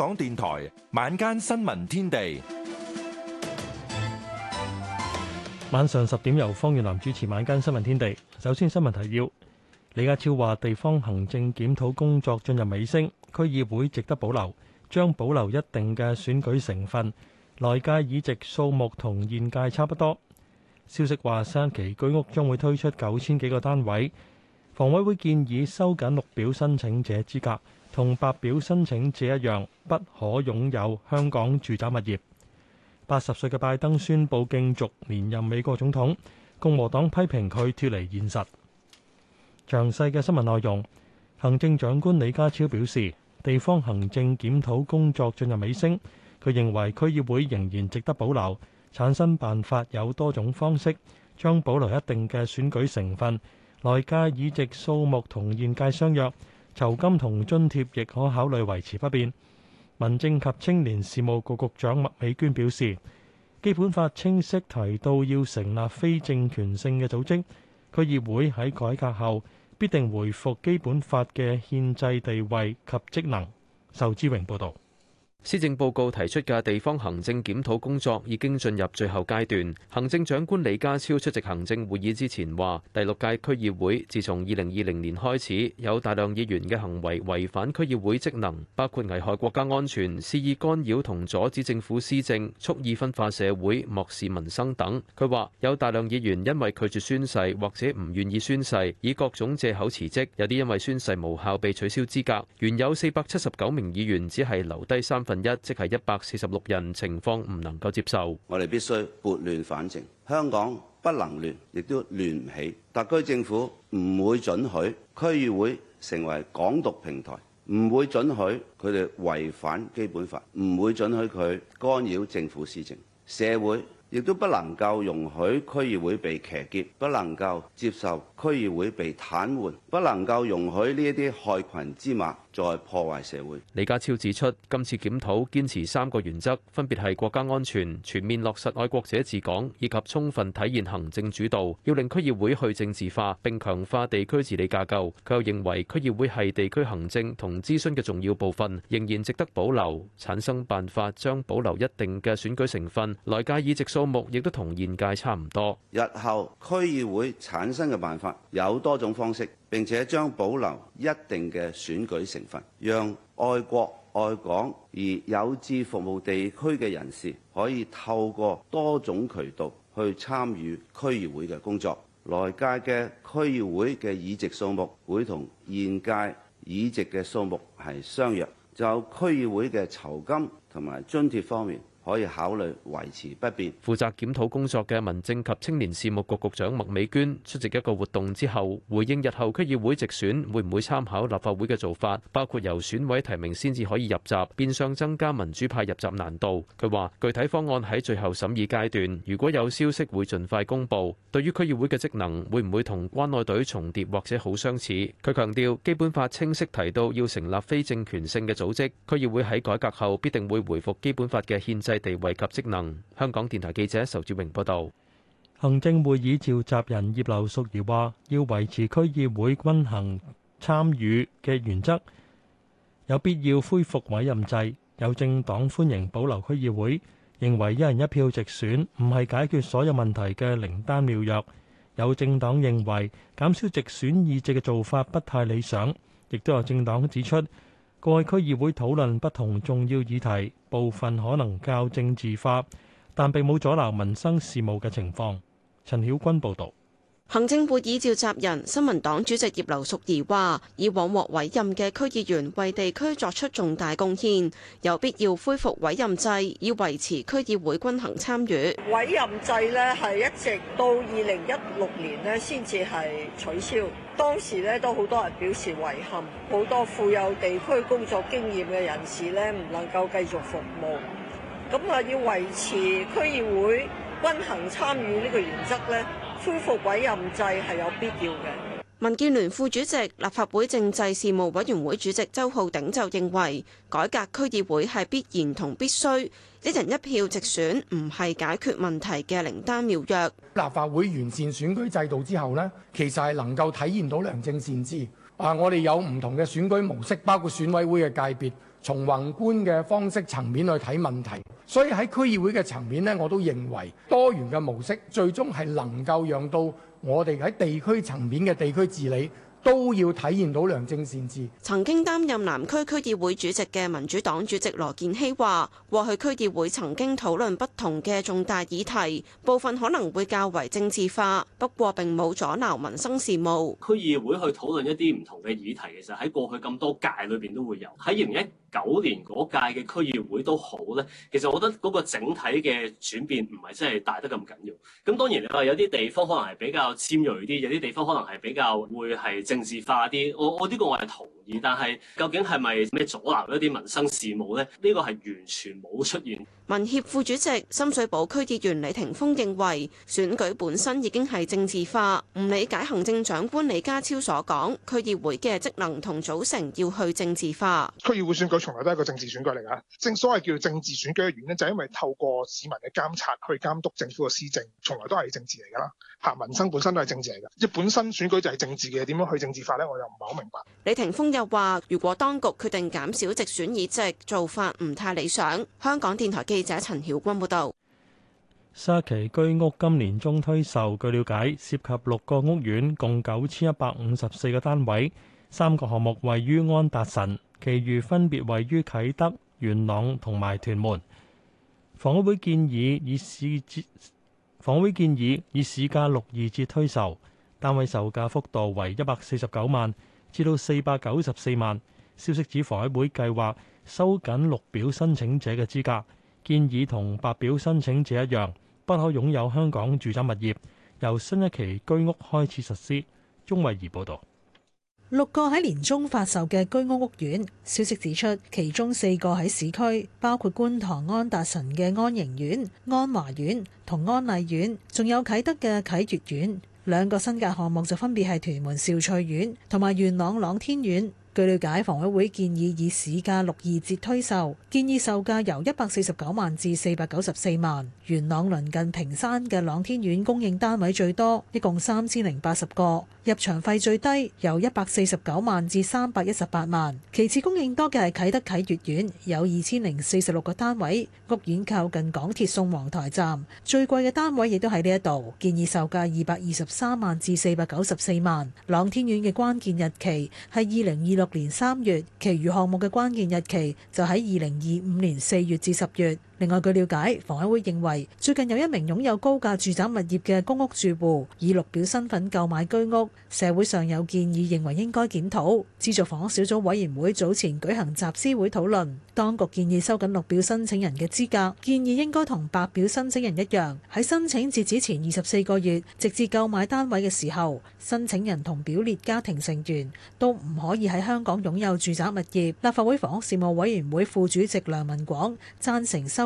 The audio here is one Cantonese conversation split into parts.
港電台晚間新聞天地，晚上十點由方月南主持晚間新聞天地。首先新聞提要：李家超話地方行政檢討工作進入尾聲，區議會值得保留，將保留一定嘅選舉成分。內界議席數目同現屆差不多。消息話三期居屋將會推出九千幾個單位，房委會建議收緊綠表申請者資格。同白表申請者一樣，不可擁有香港住宅物業。八十歲嘅拜登宣布競逐連任美國總統，共和黨批評佢脱離現實。詳細嘅新聞內容，行政長官李家超表示，地方行政檢討工作進入尾聲，佢認為區議會仍然值得保留，產生辦法有多種方式，將保留一定嘅選舉成分，內加議席數目同現屆相若。酬金同津貼亦可考慮維持不變。民政及青年事務局局長麥美娟表示，基本法清晰提到要成立非政權性嘅組織，區議會喺改革後必定回復基本法嘅憲制地位及職能。仇志榮報導。施政報告提出嘅地方行政檢討工作已經進入最後階段。行政長官李家超出席行政會議之前話，第六屆區議會自從二零二零年開始，有大量議員嘅行為違反區議會職能，包括危害國家安全、肆意干擾同阻止政府施政、蓄意分化社會、漠視民生等。佢話有大量議員因為拒絕宣誓或者唔願意宣誓，以各種借口辭職；有啲因為宣誓無效被取消資格。原有四百七十九名議員只係留低三分一即係一百四十六人，情況唔能夠接受，我哋必須撥亂反正。香港不能亂，亦都亂唔起。特區政府唔會准許區議會成為港獨平台，唔會准許佢哋違反基本法，唔會准許佢干擾政府施政。社會亦都不能夠容許區議會被騎劫，不能夠接受區議會被癱瘓，不能夠容許呢一啲害羣之馬。再破壞社會。李家超指出，今次檢討堅持三個原則，分別係國家安全、全面落實愛國者治港以及充分體現行政主導。要令區議會去政治化並強化地區治理架構。佢又認為區議會係地區行政同諮詢嘅重要部分，仍然值得保留。產生辦法將保留一定嘅選舉成分，來屆議席數目亦都同現屆差唔多。日後區議會產生嘅辦法有多種方式。並且將保留一定嘅選舉成分，讓愛國愛港而有志服務地區嘅人士，可以透過多種渠道去參與區議會嘅工作。來屆嘅區議會嘅議席數目會同現屆議席嘅數目係相若。就區議會嘅酬金同埋津貼方面，可以考慮維持不變。負責檢討工作嘅民政及青年事務局局長麥美娟出席一個活動之後，回應日後區議會直選會唔會參考立法會嘅做法，包括由選委提名先至可以入閘，變相增加民主派入閘難度。佢話：具體方案喺最後審議階段，如果有消息會盡快公佈。對於區議會嘅職能，會唔會同關愛隊重疊或者好相似？佢強調，《基本法》清晰提到要成立非政權性嘅組織，區議會喺改革後必定會回復《基本法》嘅憲制制地位及職能。香港電台記者仇志榮報道。行政會議召集人葉劉淑儀話，要維持區議會均衡參與嘅原則，有必要恢復委任制。有政黨歡迎保留區議會，認為一人一票直選唔係解決所有問題嘅靈丹妙藥。有政黨認為減少直選議席嘅做法不太理想，亦都有政黨指出。各區議會討論不同重要議題，部分可能較政治化，但並冇阻撓民生事務嘅情況。陳曉君報導。行政會議召集人、新民黨主席葉劉淑儀話，以往獲委任嘅區議員為地區作出重大貢獻，有必要恢復委任制，以維持區議會均衡參與。委任制咧係一直到二零一六年咧先至係取消，當時咧都好多人表示遺憾，好多富有地區工作經驗嘅人士咧唔能夠繼續服務，咁啊，要維持區議會均衡參與呢個原則咧。恢復委任制係有必要嘅。民建聯副主席、立法會政制事務委員會主席周浩鼎就認為，改革區議會係必然同必須，一人一票直選唔係解決問題嘅靈丹妙藥。立法會完善選舉制度之後呢，其實係能夠體現到良政善治。啊，我哋有唔同嘅選舉模式，包括選委會嘅界別，從宏觀嘅方式層面去睇問題。所以喺區議會嘅層面呢，我都認為多元嘅模式最終係能夠讓到我哋喺地區層面嘅地區治理，都要體現到良政善治。曾經擔任南區區議會主席嘅民主黨主席羅健熙話，過去區議會曾經討論不同嘅重大議題，部分可能會較為政治化，不過並冇阻撓民生事務。區議會去討論一啲唔同嘅議題，其實喺過去咁多屆裏邊都會有。喺二零一九年嗰屆嘅區議會都好咧，其實我覺得嗰個整體嘅轉變唔係真係大得咁緊要。咁當然你話有啲地方可能係比較尖銳啲，有啲地方可能係比較會，係。城市化啲，我我呢個我係。同。但係，究竟係咪咩阻攔一啲民生事務呢？呢個係完全冇出現。民協副主席深水埗區議員李霆鋒認為，選舉本身已經係政治化，唔理解行政長官李家超所講區議會嘅職能同組成要去政治化。區議會選舉從來都係一個政治選舉嚟㗎，正所謂叫政治選舉嘅原因就係因為透過市民嘅監察去監督政府嘅施政，從來都係政治嚟㗎啦。嚇，民生本身都係政治嚟㗎，即本身選舉就係政治嘅，點樣去政治化咧？我又唔係好明白。李霆鋒就。又話，如果當局決定減少直選議席，做法唔太理想。香港電台記者陳曉君報道。沙奇居屋今年中推售，據了解涉及六個屋苑，共九千一百五十四個單位，三個項目位於安達臣，其餘分別位於啟德、元朗同埋屯門。房委會建議以市房委會建議以市價六二折推售，單位售價幅，幅度為一百四十九萬。至到四百九十四萬。消息指房委會計劃收緊綠表申請者嘅資格，建議同白表申請者一樣，不可擁有香港住宅物業，由新一期居屋開始實施。鐘慧儀報道。六個喺年中發售嘅居屋屋苑，消息指出，其中四個喺市區，包括觀塘安達臣嘅安盈苑、安華苑同安麗苑，仲有啟德嘅啟悦苑。兩個新界項目就分別係屯門兆翠苑同埋元朗朗天苑。據了解，房委會建議以市價六二折推售，建議售價由一百四十九萬至四百九十四萬。元朗鄰近屏山嘅朗天苑供應單位最多，一共三千零八十個，入場費最低由一百四十九萬至三百一十八萬。其次供應多嘅係啟德啟悦苑，有二千零四十六個單位，屋苑靠近港鐵宋皇台站，最貴嘅單位亦都喺呢一度，建議售價二百二十三萬至四百九十四萬。朗天苑嘅關鍵日期係二零二六。年三月，其餘項目嘅關鍵日期就喺二零二五年四月至十月。另外，據了解，房委會認為最近有一名擁有高價住宅物業嘅公屋住戶以綠表身份購買居屋，社會上有建議認為應該檢討。資助房屋小組委員會早前舉行集思會，討論當局建議收緊綠表申請人嘅資格，建議應該同白表申請人一樣，喺申請截止前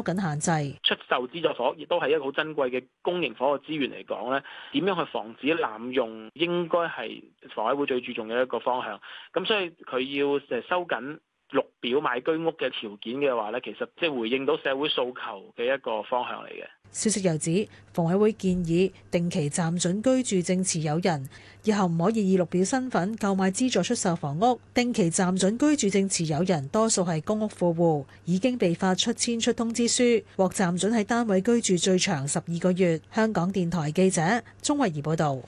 緊限制出售資助房屋亦都係一個好珍貴嘅公營房屋資源嚟講咧，點樣去防止濫用，應該係房委會最注重嘅一個方向。咁所以佢要誒收緊。綠表買居屋嘅條件嘅話呢，其實即係回應到社會訴求嘅一個方向嚟嘅。消息又指，房委會建議定期暫准居住證持有人以後唔可以以綠表身份購買資助出售房屋。定期暫准居住證持有人多數係公屋富戶，已經被發出遷出通知書，獲暫准喺單位居住最長十二個月。香港電台記者鍾慧儀報道。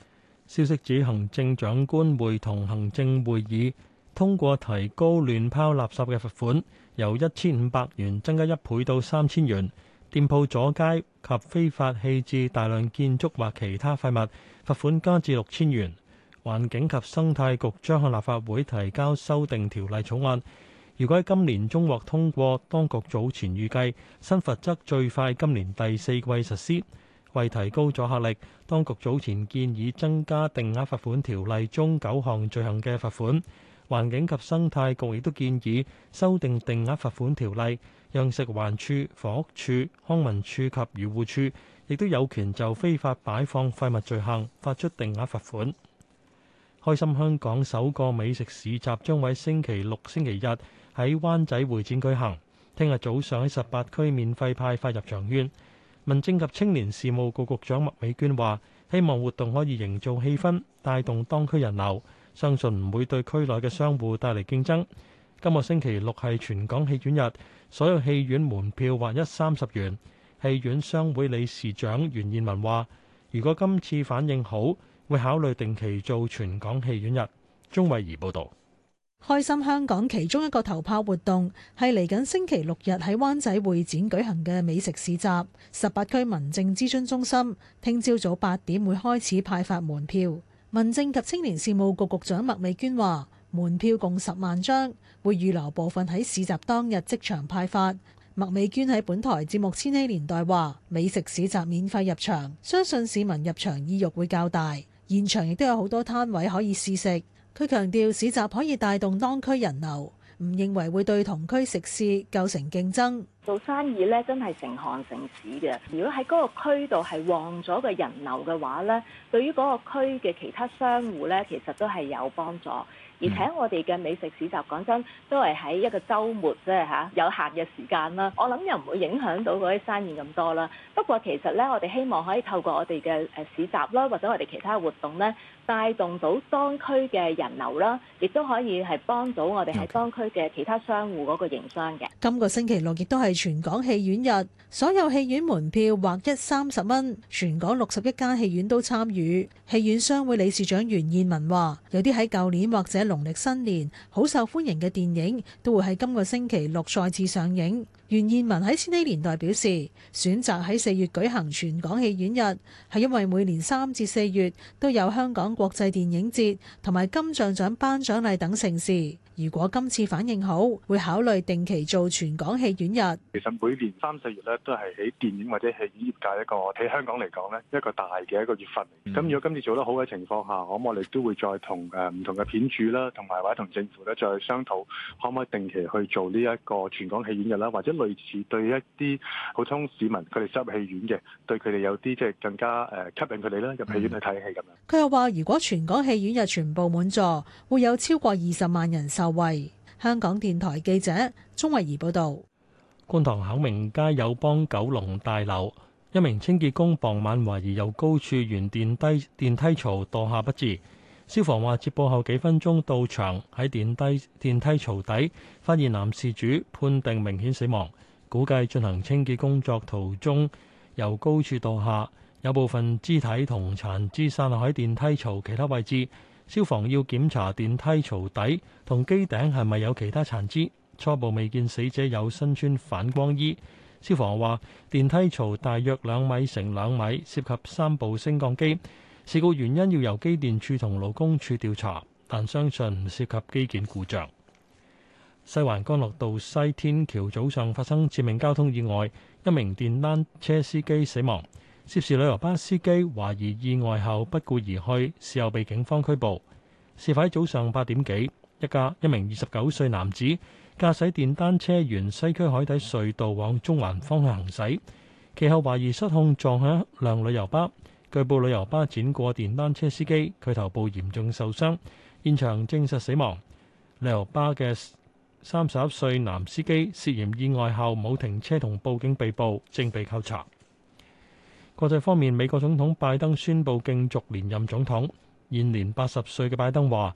消息指，行政長官會同行政會議。通過提高亂拋垃圾嘅罰款，由一千五百元增加一倍到三千元；店鋪阻街及非法棄置大量建築或其他廢物，罰款加至六千元。環境及生態局將向立法會提交修訂條例草案。如果喺今年中獲通過，當局早前預計新罰則最快今年第四季實施。為提高阻嚇力，當局早前建議增加定額罰款條例中九項罪行嘅罰款。環境及生態局亦都建議修訂定額罰款條例，讓食環署、房屋署、康文署及漁護署亦都有權就非法擺放廢物罪行發出定額罰款。開心香港首個美食市集將會喺星期六、星期日喺灣仔會展舉行，聽日早上喺十八區免費派發入場券。民政及青年事務局局長麥美娟話：希望活動可以營造氣氛，帶動當區人流。相信唔會對區內嘅商戶帶嚟競爭。今個星期六係全港戲院日，所有戲院門票劃一三十元。戲院商會理事長袁燕文話，如果今次反應好，會考慮定期做全港戲院日。鍾慧儀報道。開心香港其中一個頭炮活動係嚟緊星期六日喺灣仔會展舉行嘅美食市集。十八區民政諮詢中心聽朝早八點會開始派發門票。民政及青年事務局局長麥美娟話：門票共十萬張，會預留部分喺市集當日即場派發。麥美娟喺本台節目《千禧年代》話：美食市集免費入場，相信市民入場意慾會較大。現場亦都有好多攤位可以試食。佢強調市集可以帶動當區人流，唔認為會對同區食肆構成競爭。做生意咧真係成行成市嘅。如果喺嗰個區度係旺咗個人流嘅話咧，對於嗰個區嘅其他商戶咧，其實都係有幫助。而且我哋嘅美食市集，講真都係喺一個周末即係吓、啊、有限嘅時間啦。我諗又唔會影響到嗰啲生意咁多啦。不過其實咧，我哋希望可以透過我哋嘅誒市集啦，或者我哋其他活動咧，帶動到當區嘅人流啦，亦都可以係幫到我哋喺當區嘅其他商戶嗰個營商嘅。今個星期六亦都係全港戲院日，所有戲院門票劃一三十蚊，全港六十一家戲院都參與。戲院商會理事長袁燕文話，有啲喺舊年或者農曆新年好受歡迎嘅電影，都會喺今個星期六再次上映。袁燕文喺千禧年代表示，選擇喺四月舉行全港戲院日，係因為每年三至四月都有香港國際電影節同埋金像獎頒獎禮等盛事。如果今次反應好，會考慮定期做全港戲院日。 其實每年三四月咧，都係喺電影或者戲院業界一個喺香港嚟講呢，一個大嘅一個月份咁、嗯、如果今次做得好嘅情況下，咁我哋都會再同誒唔同嘅片主啦，同埋或者同政府咧再商討可唔可以定期去做呢一個全港戲院日啦，或者類似對一啲普通市民佢哋收入戲院嘅，對佢哋有啲即係更加誒吸引佢哋啦，入戲院去睇戲咁樣。佢、嗯、又話：如果全港戲院日全部滿座，會有超過二十萬人受。香港電台記者鍾慧怡報道：觀塘巧明街友邦九龍大樓，一名清潔工傍晚懷疑由高處沿電梯電梯槽墮下不治。消防話接報後幾分鐘到場，喺電梯電梯槽底發現男事主，判定明顯死亡，估計進行清潔工作途中由高處墮下，有部分肢體同殘肢散落喺電梯槽其他位置。消防要檢查電梯槽底同機頂係咪有其他殘肢，初步未見死者有身穿反光衣。消防話，電梯槽大約兩米乘兩米，涉及三部升降機。事故原因要由機電處同勞工處調查，但相信唔涉及機件故障。西環干諾道西天橋早上發生致命交通意外，一名電單車司機死亡。涉事旅遊巴司機懷疑意外後不顧而去，事後被警方拘捕。事發喺早上八點幾，一架一名二十九歲男子駕駛電單車沿西區海底隧道往中環方向行駛，其後懷疑失控撞向一輛旅遊巴，據報旅遊巴輾過電單車司機，佢頭部嚴重受傷，現場證實死亡。旅遊巴嘅三十一歲男司機涉嫌意外後冇停車同報警被捕，正被扣查。國際方面，美國總統拜登宣布競逐連任總統。現年八十歲嘅拜登話：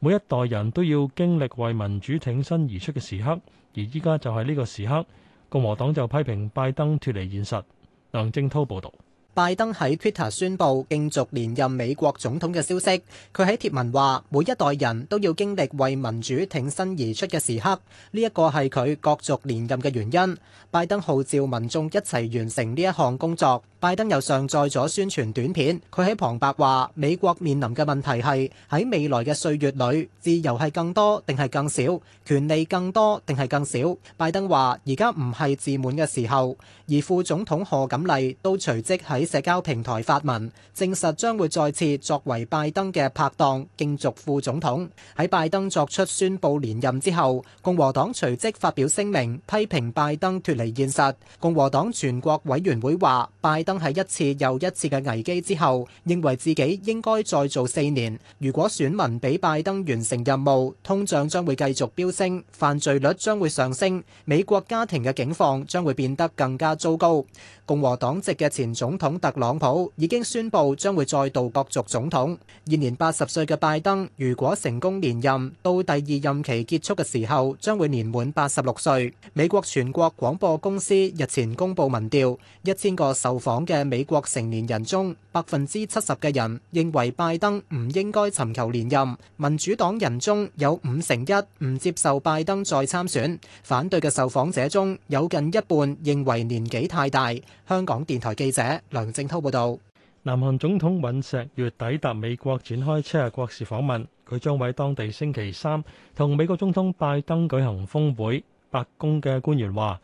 每一代人都要經歷為民主挺身而出嘅時刻，而依家就係呢個時刻。共和黨就批評拜登脱離現實。梁正滔報導。拜登喺 Twitter 宣布競逐連任美國總統嘅消息，佢喺貼文話：每一代人都要經歷為民主挺身而出嘅時刻，呢一個係佢角逐連任嘅原因。拜登號召民眾一齊完成呢一項工作。拜登又上載咗宣傳短片，佢喺旁白話：美國面臨嘅問題係喺未來嘅歲月裏，自由係更多定係更少，權利更多定係更少。拜登話：而家唔係自滿嘅時候。而副總統賀錦麗都隨即喺社交平台發文，證實將會再次作為拜登嘅拍檔競逐副總統。喺拜登作出宣布連任之後，共和黨隨即發表聲明批評拜登脱離現實。共和黨全國委員會話：拜登，喺一次又一次嘅危機之後，認為自己應該再做四年。如果選民俾拜登完成任務，通脹將會繼續飆升，犯罪率將會上升，美國家庭嘅境況將會變得更加糟糕。共和黨籍嘅前總統特朗普已經宣布將會再度角逐總統。現年八十歲嘅拜登，如果成功連任，到第二任期結束嘅時候，將會年滿八十六歲。美國全國廣播公司日前公布民調，一千個受訪嘅美國成年人中，百分之七十嘅人認為拜登唔應該尋求連任。民主黨人中有五成一唔接受拜登再參選。反對嘅受訪者中有近一半認為年紀太大。香港電台記者梁正濤報道，南韓總統尹錫悅抵達美國展開七日國事訪問，佢將喺當地星期三同美國總統拜登舉行峰會。白宮嘅官員話，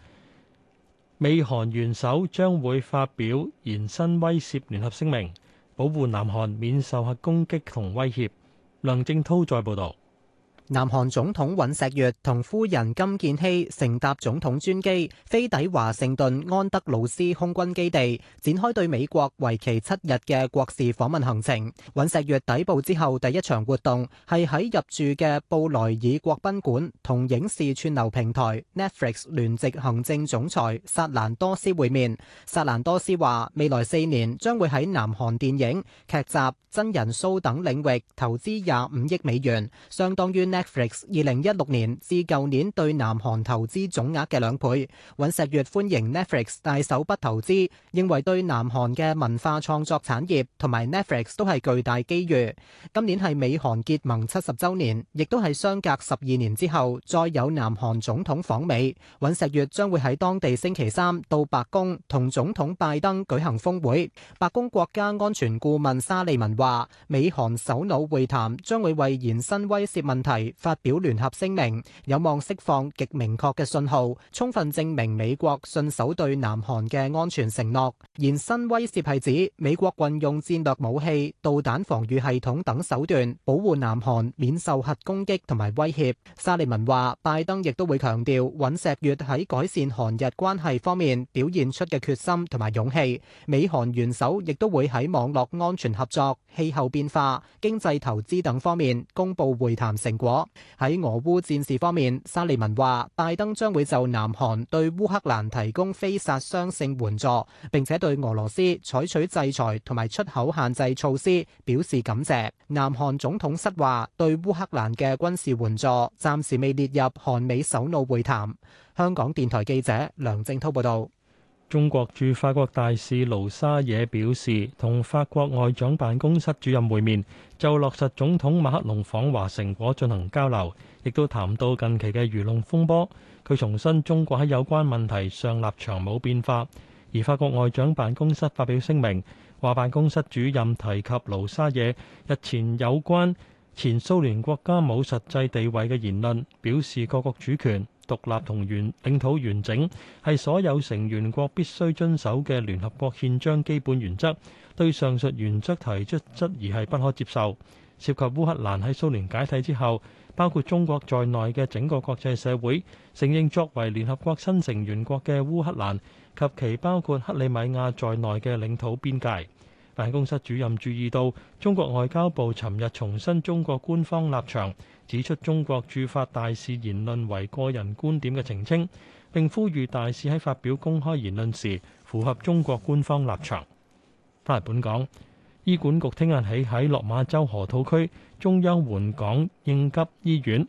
美韓元首將會發表延伸威懾聯合聲明，保護南韓免受核攻擊同威脅。梁正濤再報道。南韓總統尹錫悅同夫人金建希乘搭總統專機飛抵華盛頓安德魯斯空軍基地展開對美國為期七日嘅國事訪問行程。尹錫悅抵埗之後第一場活動係喺入住嘅布萊爾國賓館同影視串流平台 Netflix 二零一六年至舊年對南韓投資總額嘅兩倍。尹石月歡迎 Netflix 大手筆投資，認為對南韓嘅文化創作產業同埋 Netflix 都係巨大機遇。今年係美韓結盟七十週年，亦都係相隔十二年之後再有南韓總統訪美。尹石月將會喺當地星期三到白宮同總統拜登舉行峰會。白宮國家安全顧問沙利文話：美韓首腦會談將會為延伸威懾問題，發表聯合聲明，有望釋放極明確嘅信號，充分證明美國信守對南韓嘅安全承諾。延伸威懾係指美國運用戰略武器、導彈防禦系統等手段，保護南韓免受核攻擊同埋威脅。沙利文話，拜登亦都會強調尹錫悅喺改善韓日關係方面表現出嘅決心同埋勇氣。美韓元首亦都會喺網絡安全合作、氣候變化、經濟投資等方面公布會談成果。喺俄烏戰事方面，沙利文話，拜登將會就南韓對烏克蘭提供非殺傷性援助，並且對俄羅斯採取制裁同埋出口限制措施表示感謝。南韓總統室話，對烏克蘭嘅軍事援助暫時未列入韓美首腦會談。香港電台記者梁正滔報道。中國駐法國大使盧沙野表示，同法國外長辦公室主任會面，就落實總統馬克龍訪華成果進行交流，亦都談到近期嘅輿論風波。佢重申中國喺有關問題上立場冇變化。而法國外長辦公室發表聲明，話辦公室主任提及盧沙野日前有關前蘇聯國家冇實際地位嘅言論，表示各國主權、獨立同原領土完整係所有成員國必須遵守嘅聯合國憲章基本原則，對上述原則提出質疑係不可接受。涉及烏克蘭，喺蘇聯解體之後，包括中國在內嘅整個國際社會承認作為聯合國新成員國嘅烏克蘭及其包括克里米亞在內嘅領土邊界。辦公室主任注意到中國外交部尋日重申中國官方立場，指出中國駐法大使言論為個人觀點嘅澄清，並呼籲大使喺發表公開言論時符合中國官方立場。翻嚟本港，醫管局聽日起喺落馬洲河套區中央援港應急醫院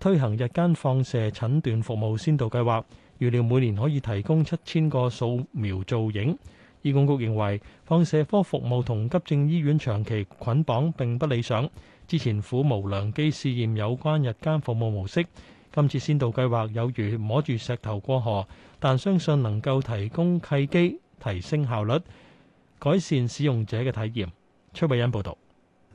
推行日間放射診斷服務先導計劃，預料每年可以提供七千個掃瞄造影。醫管局認為放射科服務同急症醫院長期捆綁並不理想。之前苦無良機試驗有關日間服務模式，今次先導計劃有如摸住石頭過河，但相信能夠提供契機，提升效率，改善使用者嘅體驗。崔偉恩報導。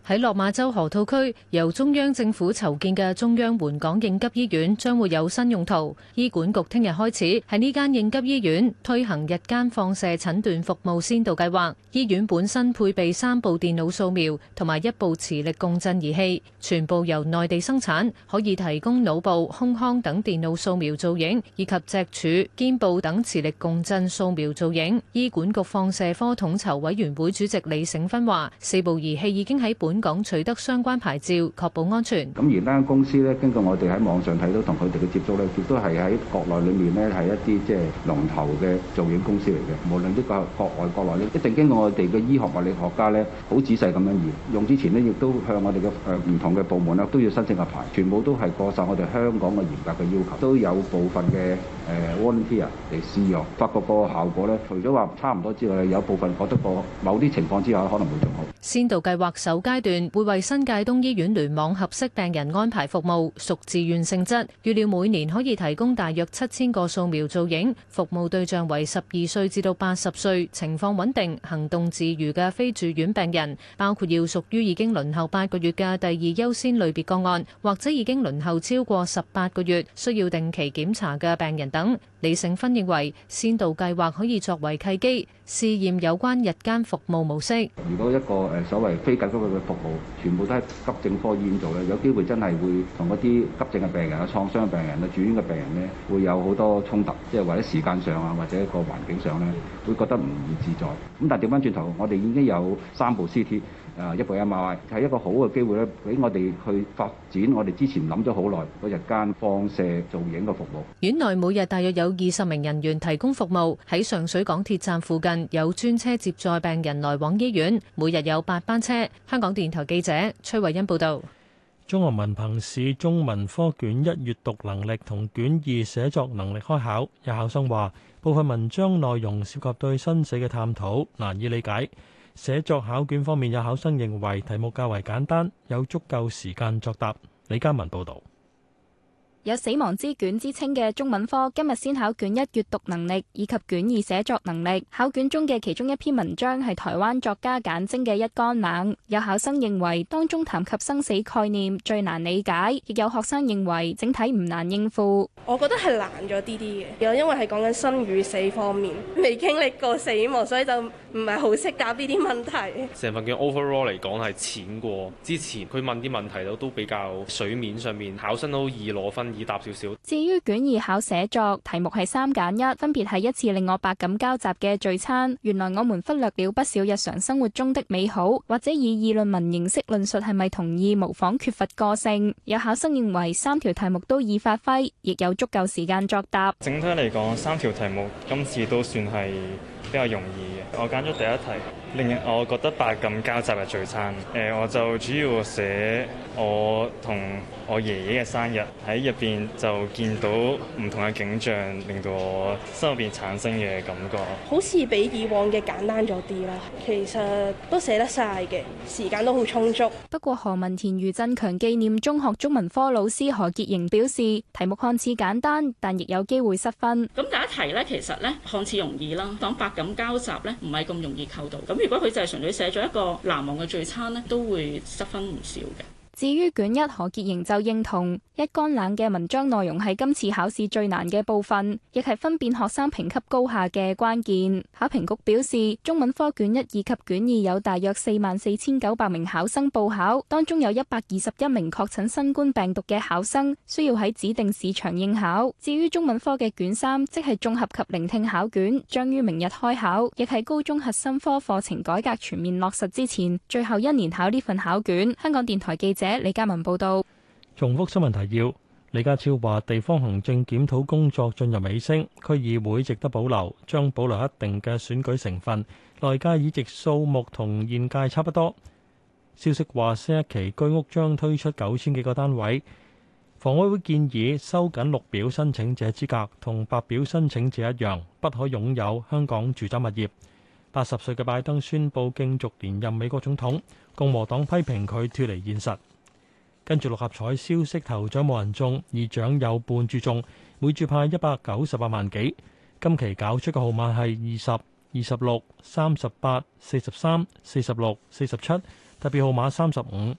喺落馬洲河套區由中央政府籌建嘅中央援港應急醫院將會有新用途。醫管局聽日開始喺呢間應急醫院推行日間放射診斷服務先導計劃。醫院本身配備三部電腦掃描同埋一部磁力共振儀器，全部由內地生產，可以提供腦部、胸腔等電腦掃描造影以及脊柱、肩部等磁力共振掃描造影。醫管局放射科統籌委員會主席李醒芬話：四部儀器已經喺本本港取得相關牌照，確保安全。咁而呢間公司咧，根據我哋喺網上睇到同佢哋嘅接觸咧，亦都係喺國內裏面咧係一啲即係龍頭嘅造影公司嚟嘅。無論呢個國外、國內咧，一定經過我哋嘅醫學物理學家咧，好仔細咁樣驗。用之前呢，亦都向我哋嘅誒唔同嘅部門咧都要申請個牌，全部都係過晒我哋香港嘅嚴格嘅要求。都有部分嘅誒、呃、volunteer 嚟試用，發覺個效果咧，除咗話差唔多之外，有部分覺得個某啲情況之下可能會仲好。先導計劃首階段會為新界東醫院聯網合適病人安排服務，屬自願性質。預料每年可以提供大約七千個掃描造影服務，對象為十二歲至到八十歲、情況穩定、行動自如嘅非住院病人，包括要屬於已經輪候八個月嘅第二優先類別個案，或者已經輪候超過十八個月需要定期檢查嘅病人等。李盛芬認為，先導計劃可以作為契機，試驗有關日間服務模式。誒，所謂非緊急嘅服務，全部都喺急症科醫院做咧。有機會真係會同嗰啲急症嘅病人、嘅創傷嘅病人、嘅住院嘅病人咧，會有好多衝突，即係或者時間上啊，或者一個環境上咧，會覺得唔如自在。咁但係調翻轉頭，我哋已經有三部 CT。啊！一部 MRI 係一個好嘅機會咧，俾我哋去發展我哋之前諗咗好耐個日間放射造影嘅服務。院內每日大約有二十名人員提供服務，喺上水港鐵站附近有專車接載病人來往醫院，每日有八班車。香港電台記者崔慧欣報道。中學文憑試中文科卷一閱讀能力同卷二寫作能力開考，有考生話：部分文章內容涉及對生死嘅探討，難以理解。寫作考卷方面，有考生認為題目較為簡單，有足夠時間作答。李嘉文報道。有死亡之卷之稱嘅中文科今日先考卷一閱讀能力以及卷二寫作能力。考卷中嘅其中一篇文章係台灣作家簡禎嘅《一竿冷》。有考生認為當中談及生死概念最難理解，亦有學生認為整體唔難應付。我覺得係難咗啲啲嘅。又因為係講緊生與死方面，未經歷過死亡，所以就唔係好識答呢啲問題。成份卷 overall 嚟講係淺過之前，佢問啲問題都都比較水面上面，考生都易攞分。易至於卷二考寫作題目係三揀一，分別係一次令我百感交集嘅聚餐。原來我們忽略了不少日常生活中的美好，或者以議論文形式論述係咪同意模仿缺乏個性。有考生認為三條題目都已發揮，亦有足夠時間作答。整體嚟講，三條題目今次都算係比較容易嘅。我揀咗第一題。令我覺得百感交集嘅聚餐，誒，我就主要寫我同我爺爺嘅生日，喺入邊就見到唔同嘅景象，令到我心入邊產生嘅感覺。好似比以往嘅簡單咗啲啦，其實都寫得晒嘅，時間都好充足。不過何文田余振強紀念中學中文科老師何潔瑩表示，題目看似簡單，但亦有機會失分。咁第一題呢，其實呢，看似容易啦，講百感交集呢，唔係咁容易構到。咁。如果佢就係純粹寫咗一個難忘嘅聚餐咧，都會失分唔少嘅。至於卷一何潔瑩就認同，一干冷嘅文章內容係今次考試最難嘅部分，亦係分辨學生評級高下嘅關鍵。考評局表示，中文科卷一以及卷二有大約四萬四千九百名考生報考，當中有一百二十一名確診新冠病毒嘅考生需要喺指定市場應考。至於中文科嘅卷三，即係綜合及聆聽考卷，將於明日開考，亦係高中核心科課程改革全面落實之前最後一年考呢份考卷。香港電台記者。李家文報道。重複新聞提要。李家超話，地方行政檢討工作進入尾聲，區議會值得保留，將保留一定嘅選舉成分。來屆議席數目同現屆差不多。消息話，新一期居屋將推出九千幾個單位。房委會建議收緊綠表申請者資格，同白表申請者一樣，不可擁有香港住宅物業。八十歲嘅拜登宣布競逐連任美國總統，共和黨批評佢脱離現實。跟住六合彩消息，頭獎冇人中，二獎有半注中，每注派一百九十八萬幾。今期搞出嘅號碼係二十、二十六、三十八、四十三、四十六、四十七，特別號碼三十五。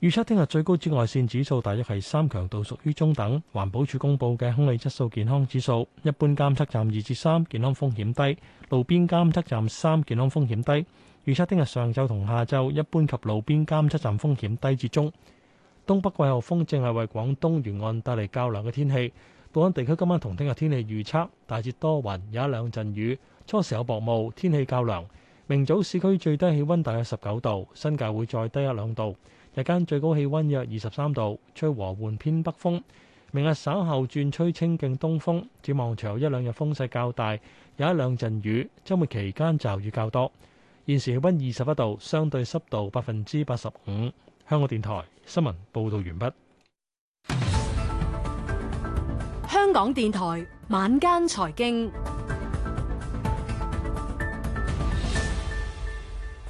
預測聽日最高紫外線指數大約係三強度，屬於中等。環保署公佈嘅空氣質素健康指數，一般監測站二至三，3，健康風險低；路邊監測站三，健康風險低。預測聽日上晝同下晝一般及路邊監測站風險低至中。東北季候風正係為廣東沿岸帶嚟較涼嘅天氣。本港地區今晚同聽日天氣預測大致多雲，有一兩陣雨，初時有薄霧，天氣較涼。明早市區最低氣溫大約十九度，新界會再低一兩度。日間最高氣溫約二十三度，吹和緩偏北風。明日稍後轉吹清勁東風，展望隨後一兩日風勢較大，有一兩陣雨，周末期間驟雨較多。現時氣溫二十一度，相對濕度百分之八十五。香港電台新聞報道完畢。香港電台晚間財經，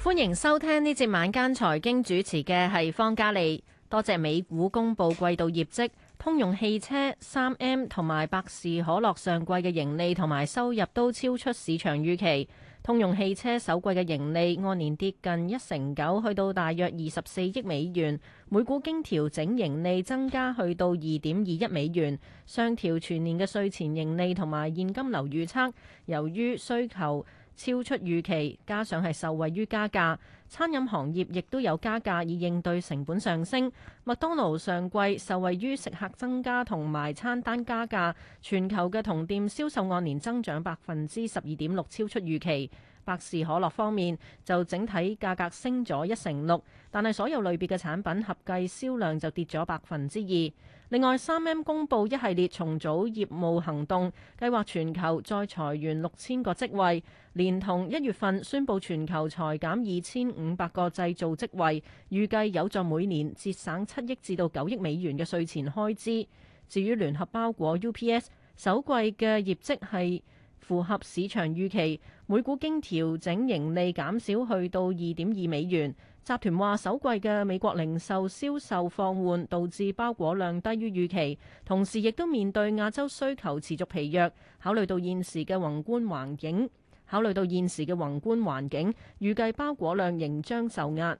歡迎收聽呢節晚間財經，主持嘅係方嘉利。多謝美股公布季度業績，通用汽車、三 M 同埋百事可樂上季嘅盈利同埋收入都超出市場預期。通用汽車首季嘅盈利按年跌近一成九，去到大約二十四億美元，每股經調整盈利增加去到二點二一美元。上調全年嘅稅前盈利同埋現金流預測，由於需求超出預期，加上係受惠於加價，餐飲行業亦都有加價以應對成本上升。麥當勞上季受惠於食客增加同埋餐單加價，全球嘅同店銷售按年增長百分之十二點六，超出預期。百事可樂方面，就整體價格升咗一成六，但係所有類別嘅產品合計銷量就跌咗百分之二。另外，三 M 公布一系列重組業務行動，計劃全球再裁員六千個職位，連同一月份宣布全球裁減二千五百個製造職位，預計有助每年節省七億至到九億美元嘅稅前開支。至於聯合包裹 UPS，首季嘅業績係符合市場預期，每股經調整盈利減少去到二點二美元。集團話首季嘅美國零售銷售放緩，導致包裹量低於預期，同時亦都面對亞洲需求持續疲弱。考慮到現時嘅宏觀環境，考慮到現時嘅宏觀環境，預計包裹量仍將受壓。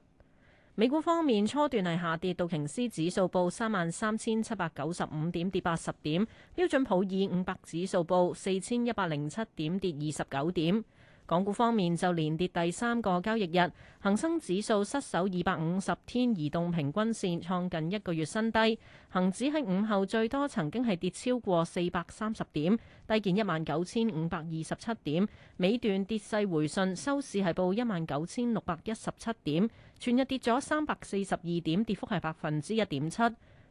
美股方面，初段係下跌，道瓊斯指數報三萬三千七百九十五點，跌八十點；標準普爾五百指數報四千一百零七點，跌二十九點。港股方面就連跌第三個交易日，恒生指數失守二百五十天移動平均線，創近一個月新低。恒指喺午後最多曾經係跌超過四百三十點，低見一萬九千五百二十七點。尾段跌勢回順，收市係報一萬九千六百一十七點，全日跌咗三百四十二點，跌幅係百分之一點七。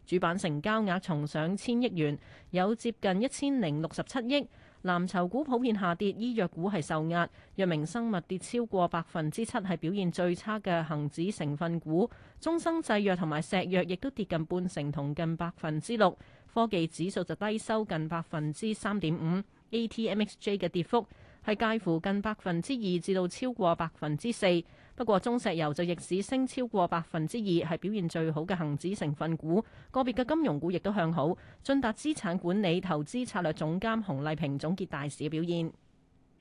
主板成交額重上千億元，有接近一千零六十七億。藍籌股普遍下跌，醫藥股係受壓，藥明生物跌超過百分之七，係表現最差嘅恆指成分股。中生製藥同埋石藥亦都跌近半成，同近百分之六。科技指數就低收近百分之三點五，ATMXJ 嘅跌幅係介乎近百分之二至到超過百分之四。不過，中石油就逆市升超過百分之二，係表現最好嘅恒指成分股。個別嘅金融股亦都向好。進達資產管理投資策略總監洪麗萍總結大市嘅表現。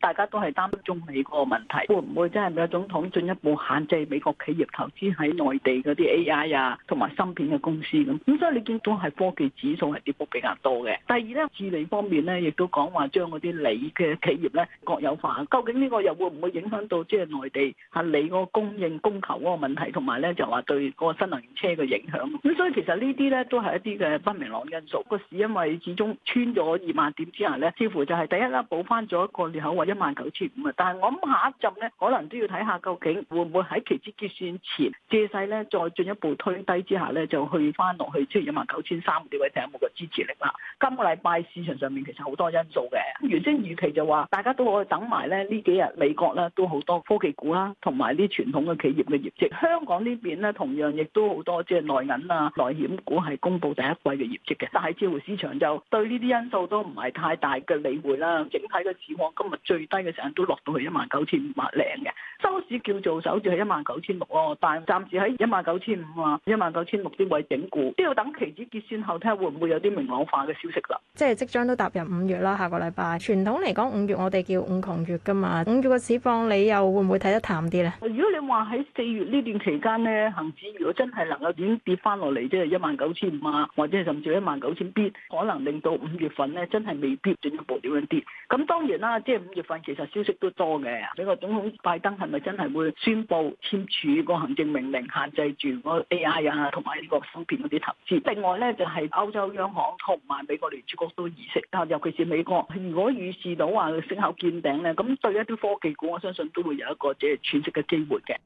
大家都係擔心中美嗰個問題，會唔會真係美國總統進一步限制美國企業投資喺內地嗰啲 AI 啊，同埋芯片嘅公司咁？咁所以你見到係科技指數係跌幅比較多嘅。第二呢，智利方面呢亦都講話將嗰啲鋰嘅企業呢國有化，究竟呢個又會唔會影響到即係內地嚇鋰嗰個供應供求嗰個問題，同埋呢就話對嗰個新能源車嘅影響？咁所以其實呢啲呢都係一啲嘅不明朗因素。個市因為始終穿咗二萬點之後呢，似乎就係第一啦，補翻咗一個裂口位。或者一萬九千五啊！但係我諗下一陣咧，可能都要睇下究竟會唔會喺期指結算前借勢咧，再進一步推低之下咧，就去翻落去即係一萬九千三呢位睇有冇個支持力啦。今個禮拜市場上面其實好多因素嘅，原先預期就話大家都可以等埋咧呢幾日美國啦都好多科技股啦、啊，同埋啲傳統嘅企業嘅業績。香港邊呢邊咧同樣亦都好多即係內銀啊、內險股係公布第一季嘅業績嘅，但係似乎市場就對呢啲因素都唔係太大嘅理會啦。整體嘅市況今日最。低嘅成日，都落到去一萬九千五百零嘅收市，叫做守住係一萬九千六咯，但係暫時喺一萬九千五啊，一萬九千六啲位整固，都要等期指結算後睇下會唔會有啲明朗化嘅消息啦。即係即將都踏入五月啦，下個禮拜傳統嚟講五月我哋叫五窮月㗎嘛，五月嘅市況你又會唔會睇得淡啲咧？如果你話喺四月呢段期間咧，恆指如果真係能夠點跌翻落嚟，即係一萬九千五啊，或者甚至一萬九千必，可能令到五月份咧真係未必進一步點樣跌。咁當然啦，即係五月份。其實消息都多嘅，美國總統拜登係咪真係會宣佈簽署個行政命令，限制住個 AI 啊，同埋呢個芯片嗰啲投資？另外呢，就係歐洲央行同埋美國聯儲局都議息，尤其是美國，如果預示到話升口見頂呢，咁對一啲科技股，我相信都會有一個即係喘息嘅機會嘅。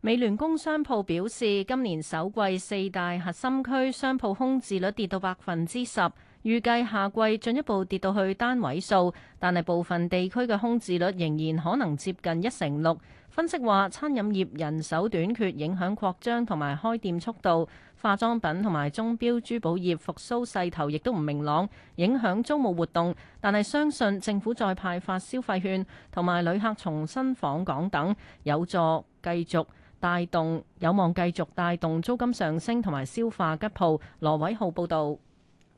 美聯工商鋪表示，今年首季四大核心區商鋪空置率跌到百分之十。預計夏季進一步跌到去單位數，但係部分地區嘅空置率仍然可能接近一成六。分析話，餐飲業人手短缺影響擴張同埋開店速度，化妝品同埋鐘錶珠寶業復甦勢頭亦都唔明朗，影響租務活動。但係相信政府再派發消費券同埋旅客重新訪港等，有助繼續帶動，有望繼續帶動租金上升同埋消化吉鋪。羅偉浩報導。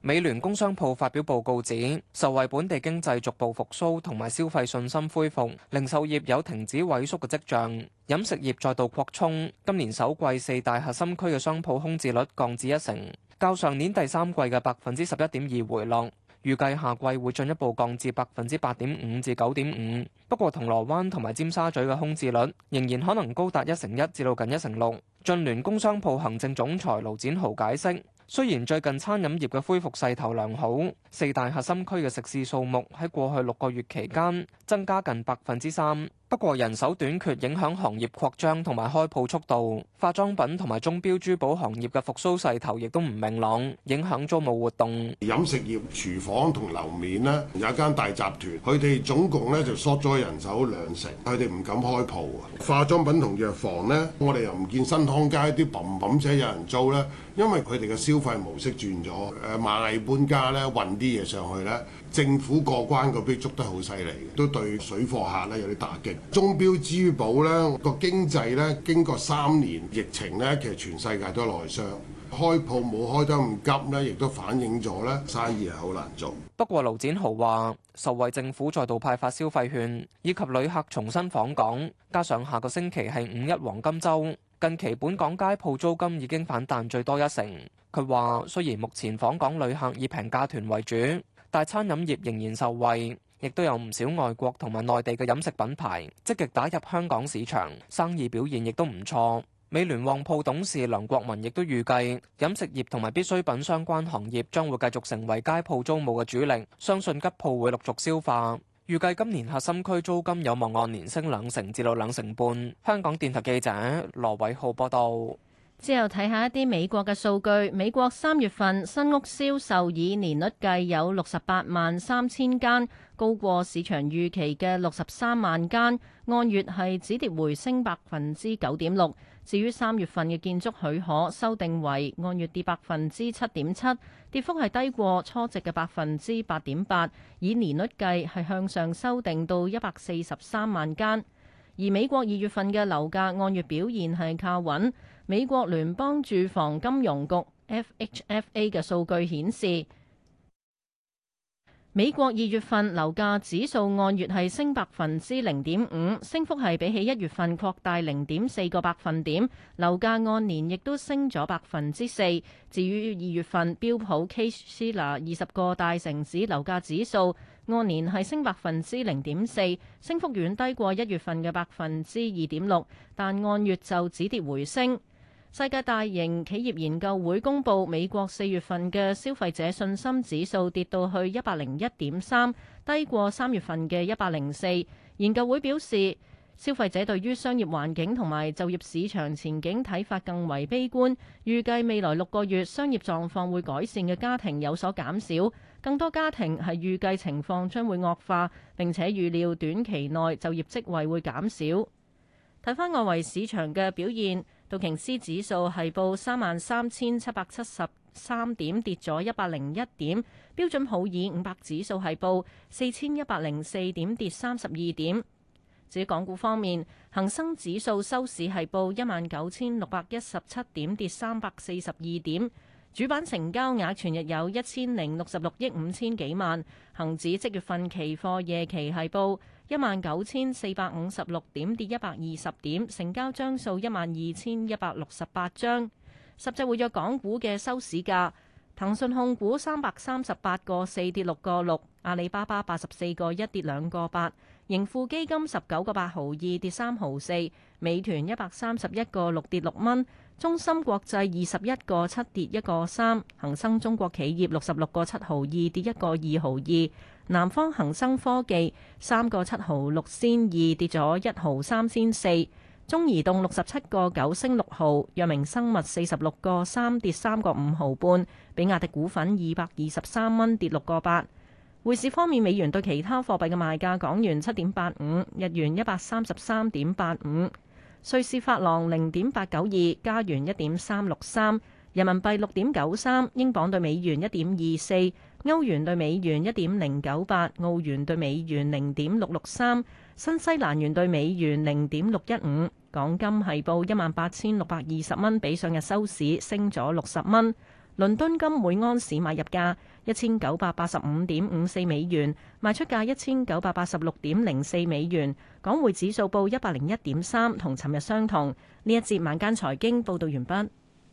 美聯工商鋪發表報告指，受惠本地經濟逐步復甦同埋消費信心恢復，零售業有停止萎縮嘅跡象，飲食業再度擴充。今年首季四大核心區嘅商鋪空置率降至一成，較上年第三季嘅百分之十一點二回落，預計下季會進一步降至百分之八點五至九點五。不過銅鑼灣同埋尖沙咀嘅空置率仍然可能高達一成一至到近一成六。駿聯工商鋪行政總裁盧展豪解釋。雖然最近餐飲業嘅恢復勢頭良好，四大核心區嘅食肆數目喺過去六個月期間增加近百分之三。不過人手短缺影響行業擴張同埋開鋪速度，化妝品同埋鐘錶珠寶行業嘅復甦勢頭亦都唔明朗，影響租務活動。飲食業廚房同樓面呢，有一間大集團，佢哋總共呢就縮咗人手兩成，佢哋唔敢開鋪。化妝品同藥房呢，我哋又唔見新康街啲冧冧仔有人租咧，因為佢哋嘅消費模式轉咗，誒螞蟻搬家呢，運啲嘢上去呢。政府過關嗰邊，捉得好犀利，都對水貨客咧，有啲打擊。鐘錶珠寶咧，個經濟咧，經過三年疫情咧，其實全世界都內傷，開鋪冇開得咁急咧，亦都反映咗咧生意係好難做。不過，盧展豪話受惠政府再度派發消費券，以及旅客重新訪港，加上下個星期係五一黃金周，近期本港街鋪租金已經反彈最多一成。佢話，雖然目前訪港旅客以平價團為主。大餐飲業仍然受惠，亦都有唔少外國同埋內地嘅飲食品牌積極打入香港市場，生意表現亦都唔錯。美聯旺鋪董事梁國文亦都預計飲食業同埋必需品相關行業將會繼續成為街鋪租務嘅主力，相信吉鋪會陸續消化。預計今年核心區租金有望按年升兩成至到兩成半。香港電台記者羅偉浩報道。之後睇下一啲美國嘅數據，美國三月份新屋銷售以年率計有六十八萬三千間，高過市場預期嘅六十三萬間，按月係止跌回升百分之九點六。至於三月份嘅建築許可，修訂為按月跌百分之七點七，跌幅係低過初值嘅百分之八點八，以年率計係向上修訂到一百四十三萬間。而美國二月份嘅樓價按月表現係靠穩。美國聯邦住房金融局 （FHFA） 嘅數據顯示，美國二月份樓價指數按月係升百分之零點五，升幅係比起一月份擴大零點四個百分點。樓價按年亦都升咗百分之四。至於二月份標普 Case-Shiller 二十個大城市樓價指數按年係升百分之零點四，升幅遠低過一月份嘅百分之二點六，但按月就止跌回升。世界大型企業研究會公布，美國四月份嘅消費者信心指數跌到去一百零一點三，低過三月份嘅一百零四。研究會表示，消費者對於商業環境同埋就業市場前景睇法更為悲觀，預計未來六個月商業狀況會改善嘅家庭有所減少，更多家庭係預計情況將會惡化，並且預料短期內就業職位會減少。睇翻外圍市場嘅表現。道瓊斯指數係報三萬三千七百七十三點，跌咗一百零一點。標準普爾五百指數係報四千一百零四點，跌三十二點。至於港股方面，恒生指數收市係報一萬九千六百一十七點，跌三百四十二點。主板成交額全日有一千零六十六億五千幾萬。恒指即月份期貨夜期係報一萬九千四百五十六點跌一百二十點，成交張數一萬二千一百六十八張。十隻活躍港股嘅收市價，騰訊控股三百三十八個四跌六個六，阿里巴巴八十四個一跌兩個八，盈富基金十九個八毫二跌三毫四，美團一百三十一個六跌六蚊，中芯國際二十一個七跌一個三，恒生中國企業六十六個七毫二跌一個二毫二。南方恒生科技三個七毫六仙二跌咗一毫三仙四，中移動六十七個九升六毫，藥明生物四十六個三跌三個五毫半，比亞迪股份二百二十三蚊跌六個八。匯市方面，美元對其他貨幣嘅賣價，港元七點八五，日元一百三十三點八五，瑞士法郎零點八九二，加元一點三六三，人民幣六點九三，英鎊對美元一點二四。歐元兌美元一點零九八，澳元兌美元零點六六三，新西蘭元兌美元零點六一五。港金係報一萬八千六百二十蚊，比上日收市升咗六十蚊。倫敦金每安士買入價一千九百八十五點五四美元，賣出價一千九百八十六點零四美元。港匯指數報一百零一點三，同尋日相同。呢一節晚間財經報道完畢。